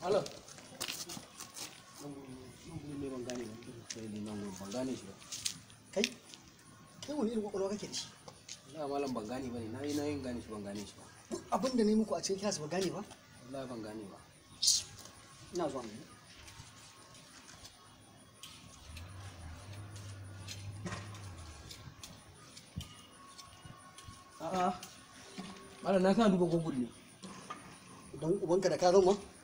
Halo. ne ban gane sai liman ban gane shi ba. Kai? Kai wani irin kwakwalwa kake da shi? Allah malam ban gane bane na yi na yin gane shi ban gane shi ba. Abin da ne muku a cikin su ban gane ba? Allah ban gane ba. Ina zuwa ne. A'a. Malam na kana duba Google ne. Don ubanka da ka zama?